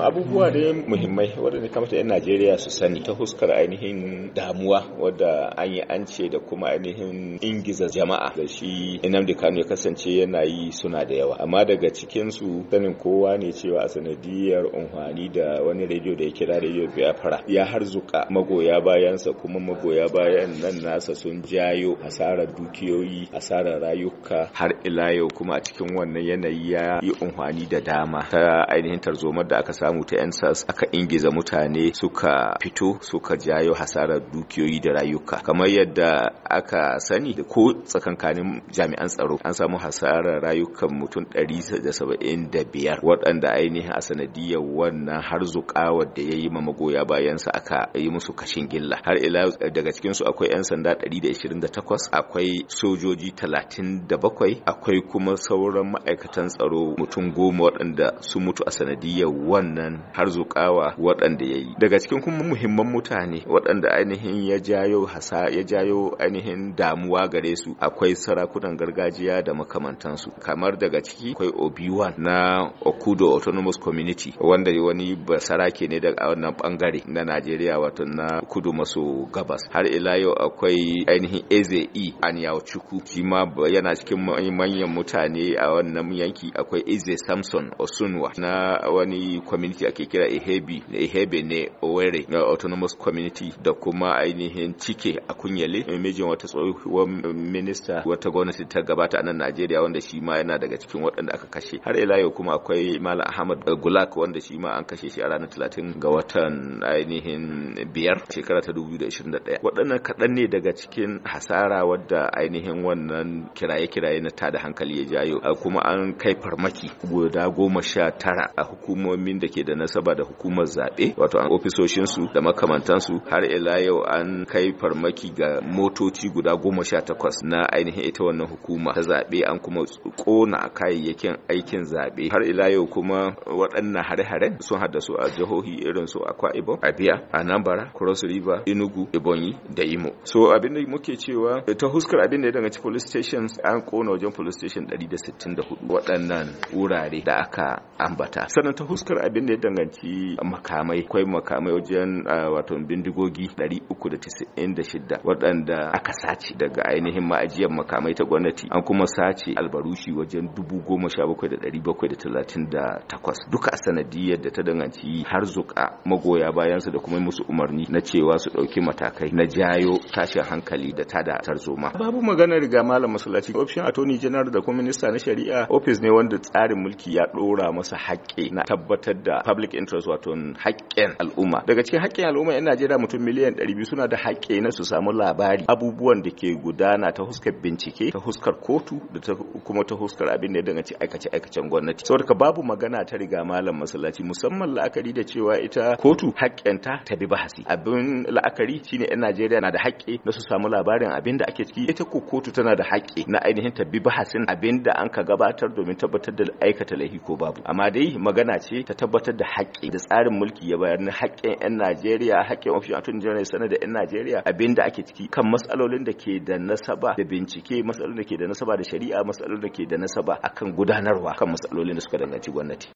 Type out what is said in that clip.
abubuwa da muhimmai wadanda kamata 'yan najeriya su sani ta huskar ainihin damuwa wadda an yi an ce da kuma ainihin ingiza jama'a da shi inamdi kano ya kasance yana yi suna da yawa amma daga cikinsu sanin kowa ne cewa a sanadiyar unhwani da wani rediyo da ya kira rediyo biafra ya harzuka magoya bayansa kuma magoya bayan nan nasa sun jayo asarar dukiyoyi asarar rayuka har ila yau kuma a cikin wannan yanayi ya yi unhwani da dama ta ainihin tarzomar da aka samu ta ensas aka ingiza mutane suka fito suka jayo hasarar dukiyoyi da rayuka kamar yadda aka sani da ko tsakankanin jami'an tsaro an samu hasarar rayukan mutum 175 waɗanda ainihin a sanadiyar wannan har zukawar da ya yi ma magoya bayansa aka yi musu kashin gilla har ila daga cikinsu akwai 'yan sanda 128 akwai sojoji 37 akwai kuma sauran ma'aikatan tsaro mutum goma waɗanda sun mutu a sanadiyar wannan Har zuƙawa waɗanda ya yi daga cikin kuma muhimman mutane waɗanda ainihin ya jayo hasa ya jayo ainihin damuwa gare su akwai sarakunan gargajiya da makamantansu kamar daga ciki akwai obi na okudo autonomous community wanda wani basarake ne daga wannan bangare na najeriya wato na kudu maso gabas har ila yau akwai ainihin eze e anyauchuku shi ma yana cikin manyan mutane a wannan yanki akwai eze samson osunwa na wani community ake kira Ehebi na Ehebe ne Owerri na autonomous community da kuma ainihin cike a kunyale mejin wata tsohuwar minista wata gwamnati ta gabata a nan Najeriya wanda shi ma yana daga cikin waɗanda aka kashe har ila yau kuma akwai Malam Ahmad Gulak wanda shi ma an kashe shi a ranar talatin ga watan ainihin biyar shekara ta dubu da da ishirin ɗaya. waɗannan kaɗan ne daga cikin hasara wadda ainihin wannan kiraye-kiraye na tada hankali ya jayo kuma an kai farmaki guda goma sha tara a hukumomin da ke da nasaba da hukumar zaɓe wato an ofisoshinsu da makamantansu har ila yau an kai farmaki ga motoci guda goma sha takwas na ainihin ita wannan hukuma ta zaɓe an kuma kona kayayyakin aikin zaɓe har ila yau kuma waɗannan hare-haren sun haddasu a jihohi irin su akwa ibo abia anambra cross river enugu ebonyi da imo so abin da muke cewa ta huskar abin da ya danganci police stations an kona wajen police station 164 waɗannan wurare da aka ambata sannan ta huskar abin abin da ya danganci makamai akwai makamai wajen wato bindigogi 396 waɗanda aka sace daga ainihin ma'ajiyar makamai ta gwamnati an kuma sace albarushi wajen 17,738 duka a sanadiyar da ta danganci har zuka magoya bayansu da kuma musu umarni na cewa su ɗauki matakai na jayo tashin hankali da tada tarzoma babu magana riga malam masallaci option attorney general da kuma minista na shari'a Ofis ne wanda tsarin mulki ya ɗora masa haƙƙi na tabbatar da da public interest wato haƙƙin al'umma daga cikin haƙƙin al'umma yan Najeriya mutum miliyan 200 suna da haƙƙi na su samu labari abubuwan da ke gudana ta huskar bincike ta huskar kotu da ta kuma ta huskar abin da ya danganci aikace aikacen gwamnati saboda babu magana ta riga malam masallaci musamman la'akari da cewa ita kotu haƙƙinta ta bi bahasi abin la'akari shine yan Najeriya na da haƙƙi na su samu labarin abin da ake ciki ita ko kotu tana da haƙƙi na ainihin ta bi bahasin abin da an ka gabatar domin tabbatar da aikata laifi ko babu amma dai magana ce ta tabbatar aiwatar da haƙƙi da tsarin mulki ya bayar na haƙƙin 'yan Najeriya haƙƙin ofishin attorney general sanar da 'yan Najeriya abin da ake ciki kan matsalolin da ke da nasaba da bincike matsalolin da ke da nasaba da shari'a matsalolin da ke da nasaba akan gudanarwa kan matsalolin da suka danganci gwamnati